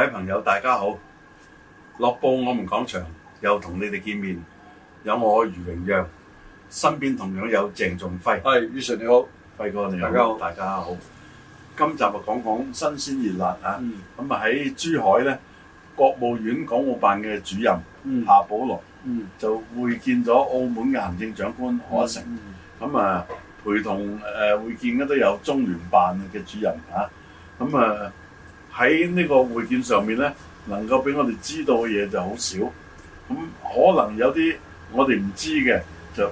各位朋友，大家好！樂報我們講場又同你哋見面，有我余榮讓，身邊同樣有鄭仲輝。係，余 Sir 你好，輝哥你好，大家好。今集咪講講新鮮熱辣、嗯、啊！咁啊喺珠海咧，國務院港澳辦嘅主任、嗯、夏寶龍、嗯、就會見咗澳門嘅行政長官賀、嗯、誠。咁、嗯、啊陪同誒、啊、會見嘅都有中聯辦嘅主任啊，咁啊。啊啊啊啊啊喺呢個會見上面咧，能夠俾我哋知道嘅嘢就好少，咁可能有啲我哋唔知嘅，就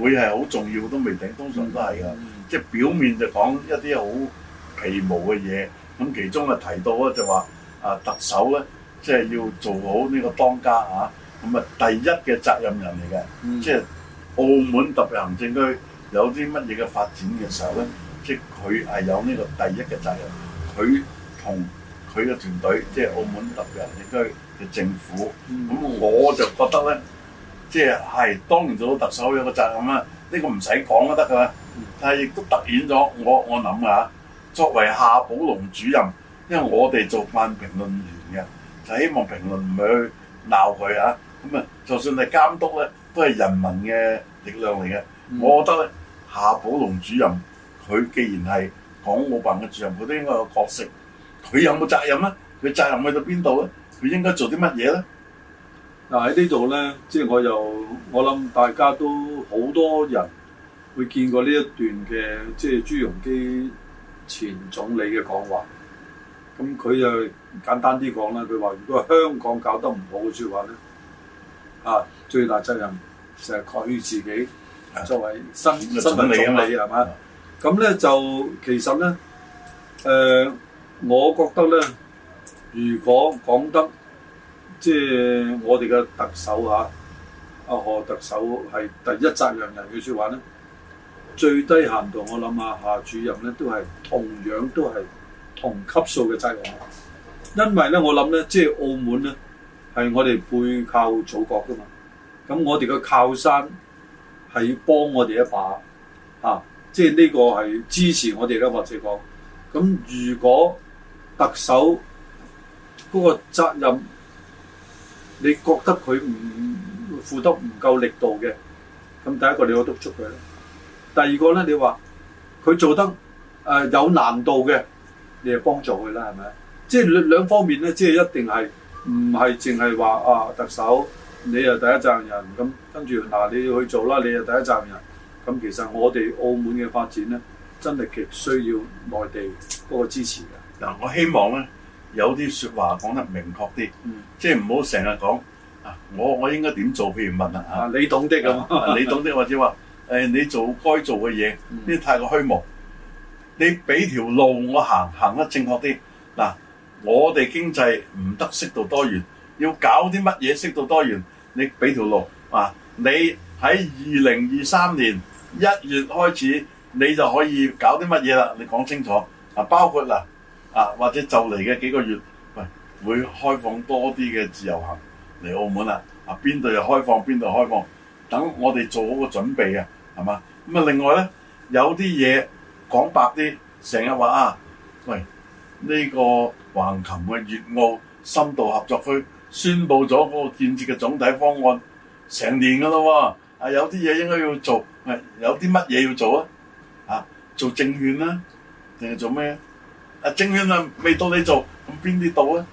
會係好重要都未定，通常都係噶，即係、嗯、表面就講一啲好皮毛嘅嘢，咁其中啊提到咧就話啊特首咧，即係要做好呢個當家啊，咁啊第一嘅責任人嚟嘅，即係、嗯、澳門特別行政區有啲乜嘢嘅發展嘅時候咧，即係佢係有呢個第一嘅責任，佢同佢嘅團隊即係澳門特別地區嘅政府，咁、嗯、我就覺得咧，即係係當然做到特首有個責任啦，呢、呢個唔使講都得噶啦。但係亦都突顯咗我我諗啊，作為夏寶龍主任，因為我哋做慣評論員嘅，就希望評論唔係去鬧佢啊。咁啊，就算係監督咧，都係人民嘅力量嚟嘅。嗯、我覺得咧，夏寶龍主任佢既然係港澳辦嘅主任，佢都應該有角色。佢有冇責任啊？佢責任去到邊度咧？佢應該做啲乜嘢咧？嗱喺、啊、呢度咧，即係我又我諗大家都好多人會見過呢一段嘅即係朱鎔基前總理嘅講話。咁佢就簡單啲講啦，佢話如果香港搞得唔好嘅説話咧，啊，最大責任就係佢自己作為新新任總理係嘛？咁咧就其實咧，誒、呃。我覺得咧，如果講得即係我哋嘅特首嚇，阿、啊、賀特首係第一責任人嘅説話咧，最低限度我諗啊，夏主任咧都係同樣都係同級數嘅責任，因為咧我諗咧，即係澳門咧係我哋背靠祖國噶嘛，咁我哋嘅靠山係要幫我哋一把，嚇、啊，即係呢個係支持我哋咧，或者講，咁如果特首嗰個責任，你覺得佢唔負得唔夠力度嘅，咁第一個你去督促佢啦。第二個咧，你話佢做得誒、呃、有難度嘅，你又幫助佢啦，係咪？即係兩兩方面咧，即係一定係唔係淨係話啊特首你係第一責任人咁，跟住嗱你要去做啦，你係第一責任人。咁其實我哋澳門嘅發展咧，真係極需要內地嗰個支持嘅。嗱，我希望咧有啲説話講得明確啲，嗯、即係唔好成日講啊！我我應該點做？譬如問啊嚇，你懂的咁、啊啊，你懂的 或者話誒、呃，你做該做嘅嘢，呢啲太過虛無。你俾條路我行，行得正確啲。嗱、啊，我哋經濟唔得適度多元，要搞啲乜嘢適度多元？你俾條路啊！你喺二零二三年一月開始，你就可以搞啲乜嘢啦？你講清楚啊！包括啦。啊啊，或者就嚟嘅幾個月，喂，會開放多啲嘅自由行嚟澳門啦。啊，邊度又開放，邊度開放，等我哋做好個準備啊，係嘛？咁、嗯、啊，另外咧，有啲嘢講白啲，成日話啊，喂，呢、這個橫琴嘅粵澳深度合作區宣佈咗嗰個建設嘅總體方案成年噶啦喎，啊，有啲嘢應該要做，係，有啲乜嘢要做啊？啊，做證券啦、啊，定係做咩？啊，政怨啊，未到你做，咁邊啲到啊？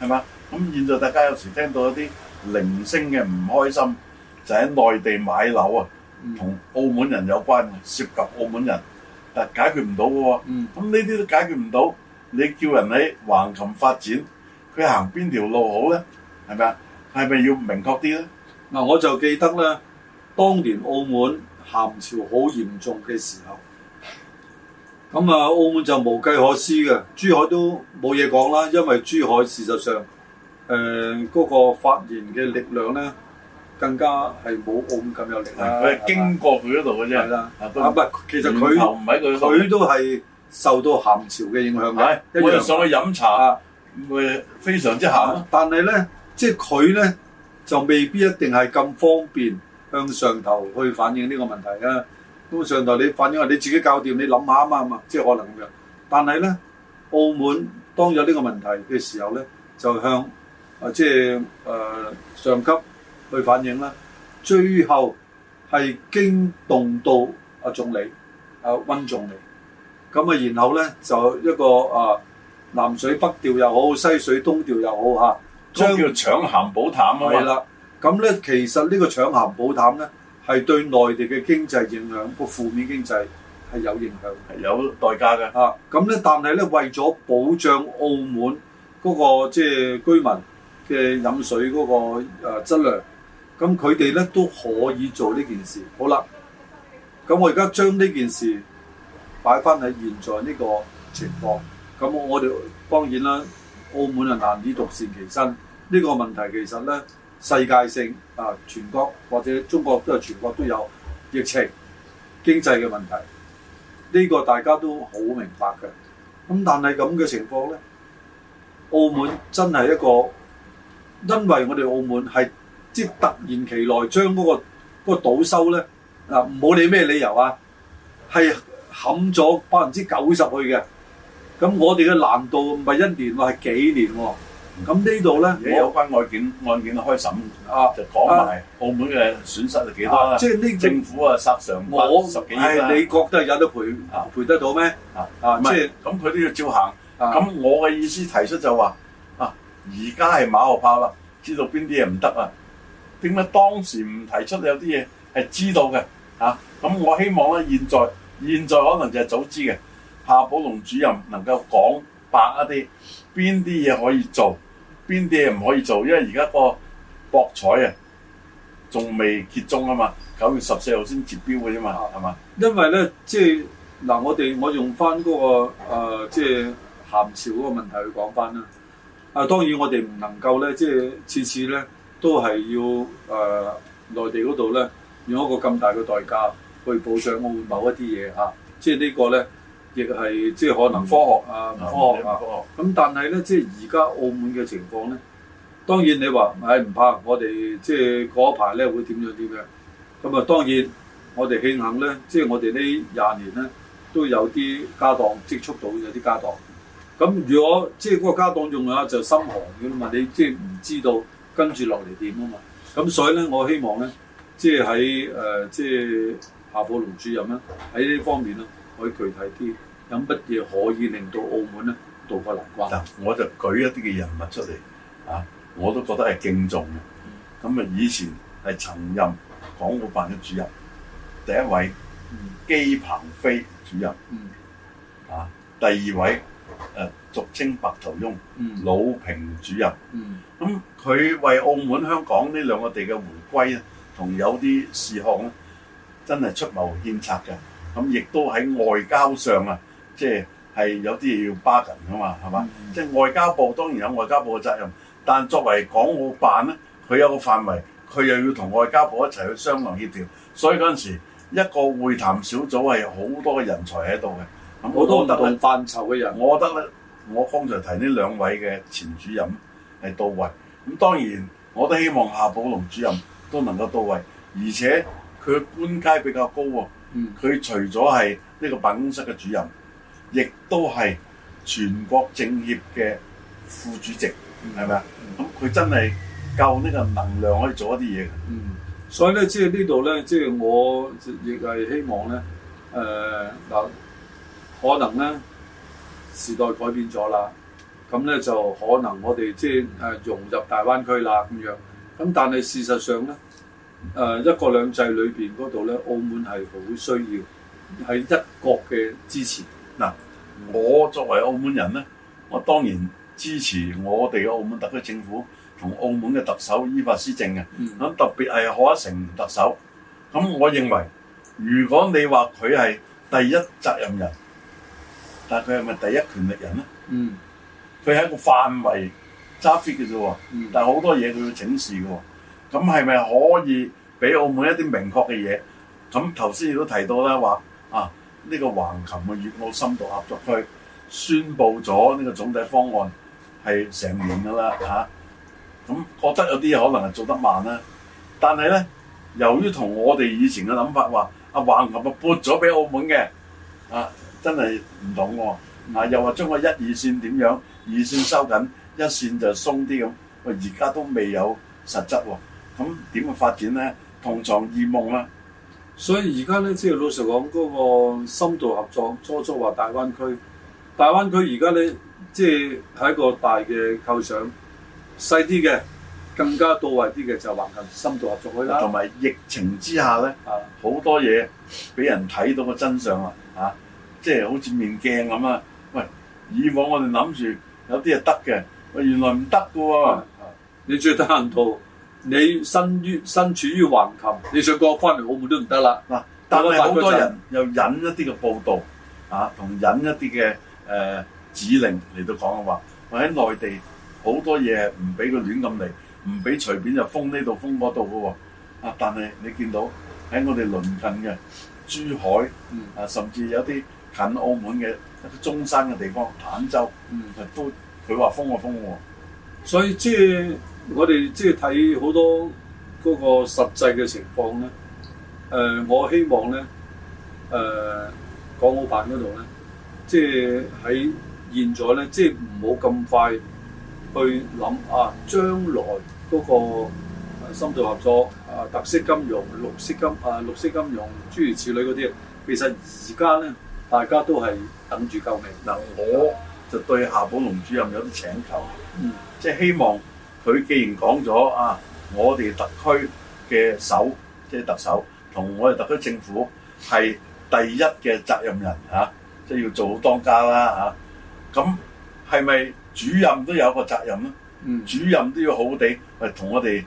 係嘛？咁現在大家有時聽到一啲零星嘅唔開心，就喺內地買樓啊，同澳門人有關嘅，涉及澳門人，但解決唔到嘅喎。咁呢啲都解決唔到，你叫人喺橫琴發展，佢行邊條路好咧？係咪啊？係咪要明確啲咧？嗱，我就記得咧，當年澳門鹹潮好嚴重嘅時候。咁啊，澳門就無計可施嘅，珠海都冇嘢講啦，因為珠海事實上，誒、呃、嗰、那個發言嘅力量咧，更加係冇澳門咁有力量。佢、啊、係經過佢嗰度嘅啫。係啦的，啊唔係，其實佢佢都係受到鹹潮嘅影響嘅。的一樣我又上去飲茶，誒、啊、非常之鹹，啊。但係咧，即係佢咧就未必一定係咁方便向上頭去反映呢個問題嘅。咁上台你反映話你自己搞掂，你諗下啊嘛嘛，即係可能咁樣。但係咧，澳門當有呢個問題嘅時候咧，就向啊即係誒、呃、上級去反映啦。最後係驚動到阿總理啊溫總理，咁啊，溫總理啊然後咧就一個啊南水北調又好，西水東調又好嚇。嗰個叫搶鹹保淡啊嘛。係啦，咁咧其實呢個搶鹹保淡咧。係對內地嘅經濟影響，個負面經濟係有影響，係有代價嘅。啊，咁咧，但係咧，為咗保障澳門嗰、那個即係、就是、居民嘅飲水嗰、那個誒、呃、質量，咁佢哋咧都可以做呢件事。好啦，咁我而家將呢件事擺翻喺現在呢個情況，咁我哋當然啦，澳門係難以獨善其身。呢、這個問題其實咧。世界性啊，全國或者中國都係全國都有疫情、經濟嘅問題，呢個大家都好明白嘅。咁但係咁嘅情況咧，澳門真係一個，因為我哋澳門係即突然期間將嗰個嗰個賭收咧嗱，唔好理咩理由啊，係冚咗百分之九十去嘅。咁我哋嘅難度唔係一年喎，係幾年喎？咁呢度咧，有關案件案件開審啊，就講埋澳門嘅損失係幾多啦？即係呢政府啊，索償十幾億，你覺得有得賠啊？賠得到咩？啊，即係，咁佢都要照行。咁我嘅意思提出就話啊，而家係馬後炮啦，知道邊啲嘢唔得啊？點解當時唔提出有啲嘢係知道嘅？嚇，咁我希望咧，現在現在可能就係早知嘅，夏寶龍主任能夠講白一啲，邊啲嘢可以做。邊啲嘢唔可以做？因為而家嗰個博彩啊，仲未揭盅啊嘛，九月十四號先截標嘅啫嘛，係嘛？因為咧，即係嗱，我哋我用翻嗰個、呃、即係咸潮嗰個問題去講翻啦。啊、呃，當然我哋唔能夠咧，即係次次咧都係要誒內地嗰度咧用一個咁大嘅代價去保障我某一啲嘢嚇，即係呢個咧。亦係即係可能科學啊，唔、嗯、科學啊。咁、嗯啊、但係咧，即係而家澳門嘅情況咧，當然你話誒唔怕，我哋即係嗰排咧會點樣點樣。咁啊，當然我哋慶幸咧，即係我哋呢廿年咧都有啲家當積蓄到有啲家當。咁如果即係嗰個家當用下就心寒嘅啦嘛，你即係唔知道跟住落嚟點啊嘛。咁所以咧，我希望咧，即係喺誒即係夏寶龍主任咧喺呢方面咧，可以具體啲。有乜嘢可以令到澳門咧渡過難關？嗱，我就舉一啲嘅人物出嚟嚇，我都覺得係敬重嘅。咁啊，以前係曾任港澳辦嘅主任，第一位姬鵬飛主任，嚇，第二位誒俗稱白頭翁魯平主任。咁佢為澳門、香港呢兩個地嘅回歸咧，同有啲事項咧，真係出謀獻策嘅。咁亦都喺外交上啊～即係有啲嘢要 bargain 㗎嘛，係嘛？嗯、即係外交部當然有外交部嘅責任，但作為港澳辦咧，佢有個範圍，佢又要同外交部一齊去商量協調。所以嗰陣時一個會談小組係好多嘅人才喺度嘅，好多特等範疇嘅人。我覺得咧，我剛才提呢兩位嘅前主任係到位。咁當然我都希望夏寶龍主任都能夠到位，而且佢官階比較高喎。佢、嗯、除咗係呢個辦公室嘅主任，亦都係全國政協嘅副主席，係咪啊？咁佢、嗯、真係夠呢個能量可以做一啲嘢嘅。嗯，所以咧，即係呢度咧，即係我亦係希望咧，誒、呃、嗱，可能咧時代改變咗啦，咁咧就可能我哋即係誒融入大灣區啦咁樣。咁但係事實上咧，誒、呃、一國兩制裏邊嗰度咧，澳門係好需要喺一國嘅支持。嗱，我作為澳門人咧，我當然支持我哋嘅澳門特區政府同澳門嘅特首依法施政嘅。咁、嗯、特別係賀一誠特首，咁我認為，如果你話佢係第一責任人，但係佢係咪第一權力人咧？嗯，佢係一個範圍揸 fit 嘅啫喎，但係好多嘢佢要請示嘅喎。咁係咪可以俾澳門一啲明確嘅嘢？咁頭先亦都提到啦，話啊。呢個橫琴嘅粵澳深度合作區宣布咗呢個總體方案係成年噶啦嚇，咁、啊嗯、覺得有啲嘢可能係做得慢啦，但係咧由於同我哋以前嘅諗法話，啊橫琴啊撥咗俾澳門嘅，啊真係唔同喎，嗱、啊、又話將個一二線點樣，二線收緊，一線就鬆啲咁，喂而家都未有實質喎，咁點嘅發展咧，同床異夢啦～所以而家咧，即係老實講，嗰個深度合作，初初話大灣區，大灣區而家咧，即係喺個大嘅構想細啲嘅，更加到位啲嘅就橫琴深度合作區，同埋疫情之下咧的，啊好多嘢俾人睇到個真相啊，嚇，即係好似面鏡咁啊！喂，以往我哋諗住有啲係得嘅，喂原來唔得嘅喎，你最低限度。你身於身處於橫琴，你想過翻嚟澳門都唔得啦。嗱、啊，但係好多人又引一啲嘅報導啊，同引一啲嘅誒指令嚟到講嘅話，我喺內地好多嘢唔俾佢亂咁嚟，唔俾隨便就封呢度封嗰度嘅喎。啊，但係你見到喺我哋鄰近嘅珠海啊，甚至有啲近澳門嘅一啲中山嘅地方，坦洲、嗯，就都佢話封啊封喎，所以即我哋即係睇好多嗰個實際嘅情況咧，誒、呃、我希望咧，誒、呃、港澳辦嗰度咧，即係喺現在咧，即係唔好咁快去諗啊，將來嗰個深度合作啊、特色金融、綠色金啊、綠色金融諸如此類嗰啲，其實而家咧大家都係等住救命嗱、啊，我就對夏寶龍主任有啲請求，嗯，即係希望。佢既然講咗啊，我哋特區嘅首即係特首同我哋特區政府係第一嘅責任人嚇、啊，即係要做好當家啦嚇。咁係咪主任都有個責任咧？嗯、主任都要好地，咪同我哋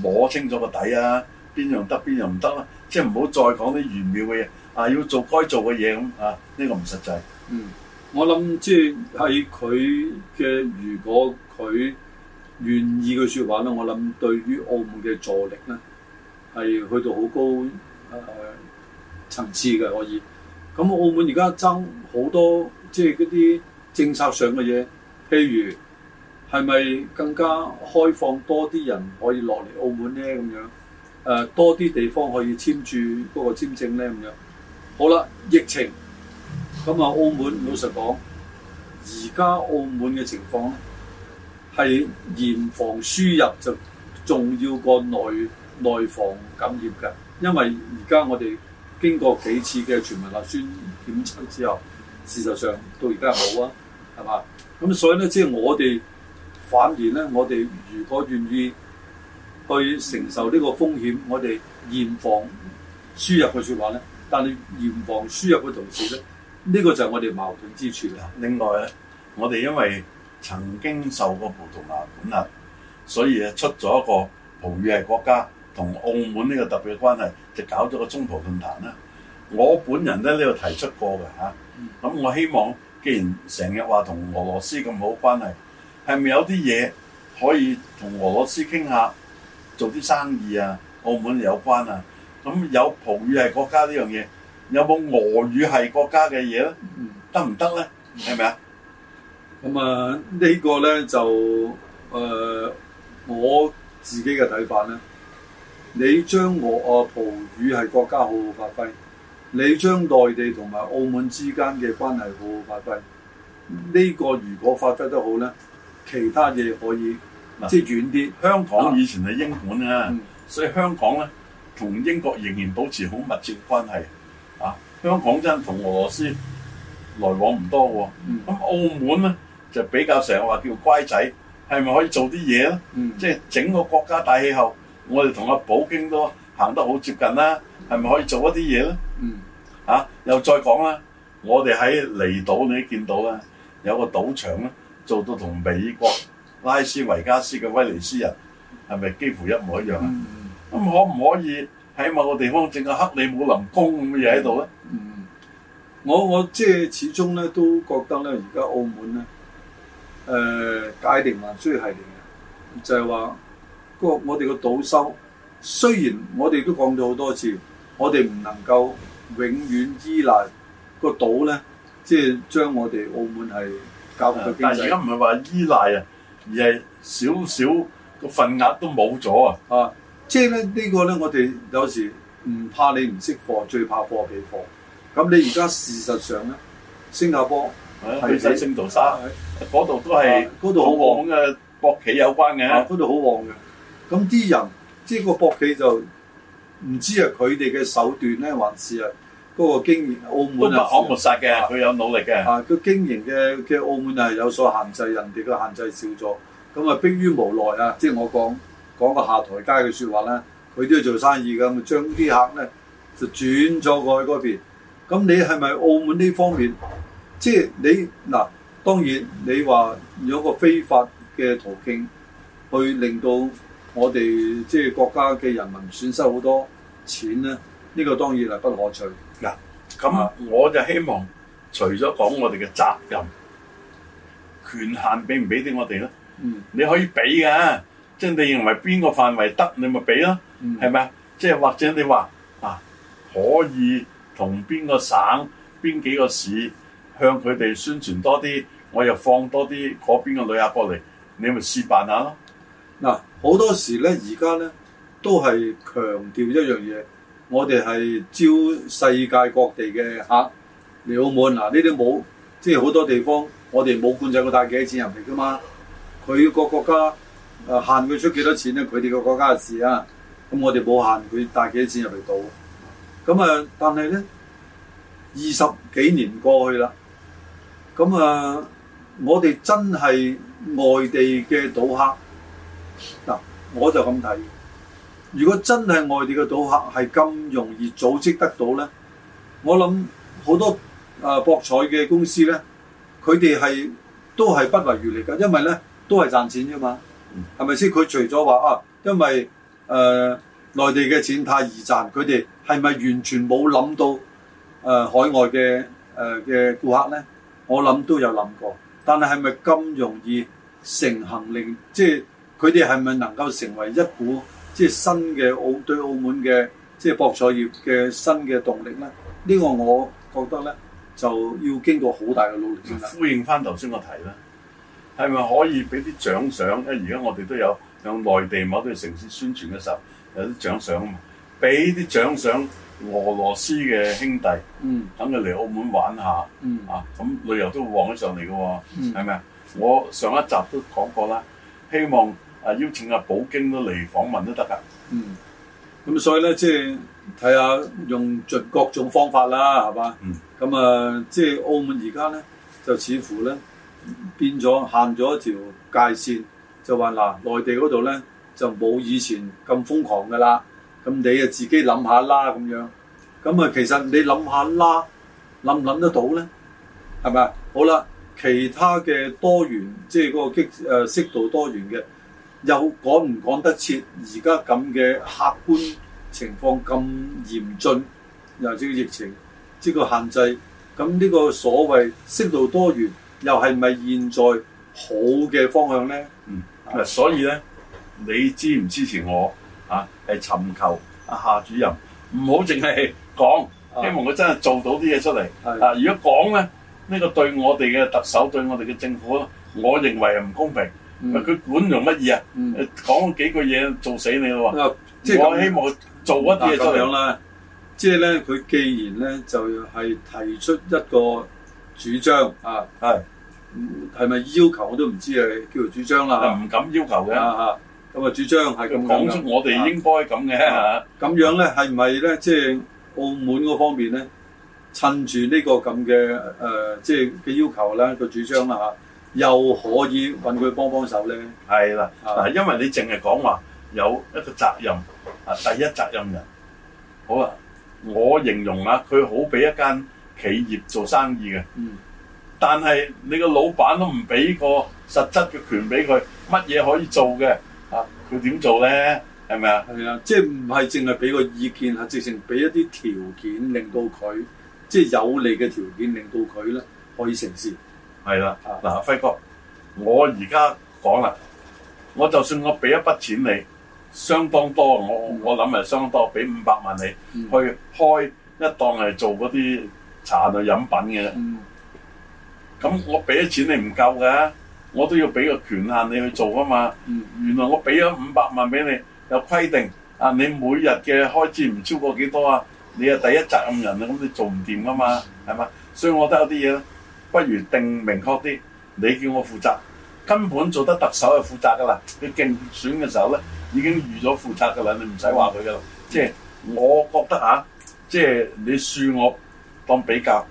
摸清楚個底啊，邊樣得邊樣唔得啦，即係唔好再講啲玄妙嘅嘢啊，要做該做嘅嘢咁啊，呢、啊這個唔實際。嗯，我諗即係係佢嘅，如果佢。願意嘅説話咧，我諗對於澳門嘅助力咧，係去到好高誒、呃、層次嘅可以。咁澳門而家爭好多即係嗰啲政策上嘅嘢，譬如係咪更加開放多啲人可以落嚟澳門咧？咁樣誒、呃，多啲地方可以簽注嗰個簽證咧？咁樣好啦，疫情咁啊，澳門、嗯、老實講，而家澳門嘅情況咧。係嚴防輸入就重要過內內防感染㗎，因為而家我哋經過幾次嘅全民核酸檢測之後，事實上到而家冇啊，係嘛？咁所以咧，即係我哋反而咧，我哋如果願意去承受呢個風險，我哋嚴防輸入嘅説話咧，但係嚴防輸入嘅同時咧，呢個就係我哋矛盾之處啦。另外，我哋因為曾經受過葡萄牙管轄，所以誒出咗一個葡語系國家同澳門呢個特別嘅關係，就搞咗個中葡論壇啦。我本人咧呢度提出過嘅吓，咁、啊、我希望既然成日話同俄羅斯咁好關係，係咪有啲嘢可以同俄羅斯傾下做啲生意啊？澳門有關啊，咁有葡語系國家呢樣嘢，有冇俄語系國家嘅嘢咧？得唔得咧？係咪啊？咁、嗯、啊，這個、呢個咧就誒、呃，我自己嘅睇法咧，你將我阿、啊、葡語系國家好好發揮，你將內地同埋澳門之間嘅關係好好發揮，呢、這個如果發揮得好咧，其他嘢可以即係遠啲。嗯、香港以前係英本啊，所以香港咧同英國仍然保持好密切關係。啊，香港真係同俄羅斯來往唔多喎。咁、啊嗯啊、澳門咧？就比較成日話叫乖仔，係咪可以做啲嘢咧？嗯、即係整個國家大氣候，我哋同阿寶京都行得好接近啦。係咪可以做一啲嘢咧？嗯、啊，又再講啦，我哋喺離島你都見到啦，有個賭場咧，做到同美國拉斯維加斯嘅威尼斯人係咪幾乎一模一樣啊？咁、嗯、可唔可以喺某個地方整個克里姆林宮咁嘅嘢喺度咧？我我即係始終咧，都覺得咧，而家澳門咧。誒界、呃、定還需要係嚟嘅，就係話個我哋個賭收雖然我哋都講咗好多次，我哋唔能夠永遠依賴個賭咧，即係將我哋澳門係搞個經濟。啊、但而家唔係話依賴啊，而係少少個份額都冇咗啊！即係咧呢、呢個咧，我哋有時唔怕你唔識貨，最怕貨比貨，貨。咁你而家事實上咧，新加坡。去聖淘沙，嗰度都係，嗰度好旺嘅，博企有關嘅，嗰度好旺嘅。咁啲人，即係個博企就唔知係，佢哋嘅手段咧，還是啊，嗰個經營，澳門都白學白殺嘅，佢有努力嘅。啊，佢經營嘅嘅澳門係有所限制，人哋嘅限制少咗，咁啊迫於無奈啊，即係我講講個下台階嘅説話咧，佢都要做生意嘅，咁將啲客咧就轉咗過去嗰邊。咁你係咪澳門呢方面？即係你嗱，當然你話有個非法嘅途徑去令到我哋即係國家嘅人民損失好多錢咧，呢、這個當然係不可取嗱。咁、嗯、我就希望除咗講我哋嘅責任權限給給給，俾唔俾啲我哋咧？嗯，你可以俾嘅，即係你認為邊個範圍得，你咪俾咯，係咪啊？即係或者你話啊，可以同邊個省、邊幾個市？向佢哋宣傳多啲，我又放多啲嗰邊嘅旅客過嚟，你咪試辦下咯。嗱，好多時咧，而家咧都係強調一樣嘢，我哋係招世界各地嘅客嚟澳門。嗱、啊，呢啲冇，即係好多地方，我哋冇管制佢帶幾多錢入嚟噶嘛。佢個國家誒、啊、限佢出幾多錢咧，佢哋個國家嘅事啊。咁我哋冇限佢帶幾多錢入嚟到。咁啊，但係咧二十幾年過去啦。咁啊、嗯！我哋真係外地嘅賭客嗱，我就咁睇。如果真係外地嘅賭客係咁容易組織得到咧，我諗好多啊、呃、博彩嘅公司咧，佢哋係都係不遺餘力㗎，因為咧都係賺錢啫嘛，係咪先？佢除咗話啊，因為誒、呃、內地嘅錢太易賺，佢哋係咪完全冇諗到誒、呃、海外嘅誒嘅顧客咧？我諗都有諗過，但係係咪咁容易成行令？即係佢哋係咪能夠成為一股即係新嘅澳對澳門嘅即係博彩業嘅新嘅動力呢？呢、呢個我覺得呢，就要經過好大嘅努力先啦。要呼應翻頭先個題咧，係咪可以俾啲獎賞咧？而家我哋都有向內地某啲城市宣傳嘅時候有啲獎賞啊嘛，俾啲獎賞。俄羅斯嘅兄弟，嗯，等佢嚟澳門玩下，嗯，啊，咁旅遊都會旺咗上嚟嘅喎，係咪啊？我上一集都講過啦，希望啊邀請阿普京都嚟訪問都得㗎，嗯，咁所以咧，即係睇下用盡各種方法啦，係嘛、嗯嗯嗯，嗯，咁啊，即係澳門而家咧就似乎咧變咗限咗條界線，就話嗱、啊、內地嗰度咧就冇以前咁瘋狂㗎啦。咁你啊自己諗下啦，咁樣，咁啊其實你諗下啦，諗唔諗得到咧？係咪？好啦，其他嘅多元，即係嗰個激誒適度多元嘅，又講唔講得切？而家咁嘅客觀情況咁嚴峻，尤其是疫情，即個限制，咁呢個所謂適度多元，又係咪現在好嘅方向咧？嗯，所以咧，你支唔支持我？啊！係，尋求阿夏主任，唔好淨係講，希望佢真係做到啲嘢出嚟。的啊，如果講咧，呢、呢個對我哋嘅特首，對我哋嘅政府，我認為係唔公平。佢、嗯、管用乜嘢啊？講、嗯、幾句嘢，做死你咯喎！啊、即係我希望做一啲嘢出嚟。咁即係咧，佢既然咧就係、係、提出一個主張啊，係係咪要求我都唔知啊，叫做主張啦。唔敢要求嘅。的咁啊，主張係咁講，出我哋應該咁嘅嚇。咁樣咧，啊，係唔係咧？即係澳門嗰方面咧，趁住呢個咁嘅誒，即係嘅要求啦，個主張啦嚇，又可以搵佢幫幫手咧。係啦嗱，啊，因為你淨係講話有一個責任啊，第一責任人。好啊，我形容啊，佢好比一間企業做生意嘅，嗯，但係你個老闆都唔俾個實質嘅權俾佢，乜嘢可以做嘅？佢點做咧？係咪啊？係啊，即係唔係淨係俾個意見，係直情俾一啲條件，令到佢即係有利嘅條件，令到佢咧可以成事。係啦的，嗱輝、啊、哥，我而家講啦，我就算我俾一筆錢你，相當多，我我諗係相當多，俾五百萬你去開一檔係做嗰啲茶類飲品嘅，咁、嗯、我俾咗錢你唔夠噶。我都要俾個權限你去做噶嘛。原來我俾咗五百萬俾你，有規定啊，你每日嘅開支唔超過幾多啊？你係第一責任人啊，咁你做唔掂噶嘛，係嘛？所以我覺得有啲嘢咧，不如定明確啲。你叫我負責，根本做得特首係負責噶啦。你競選嘅時候咧，已經預咗負責噶啦，你唔使話佢噶啦。即係、嗯、我覺得吓，即、啊、係、就是、你恕我當比較，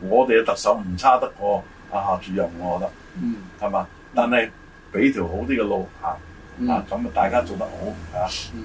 我哋嘅特首唔差得過，啊，夏主任，我覺得。嗯，係嘛？但係俾條好啲嘅路行，啊咁、嗯、啊，大家做得好，係、啊、嘛？嗯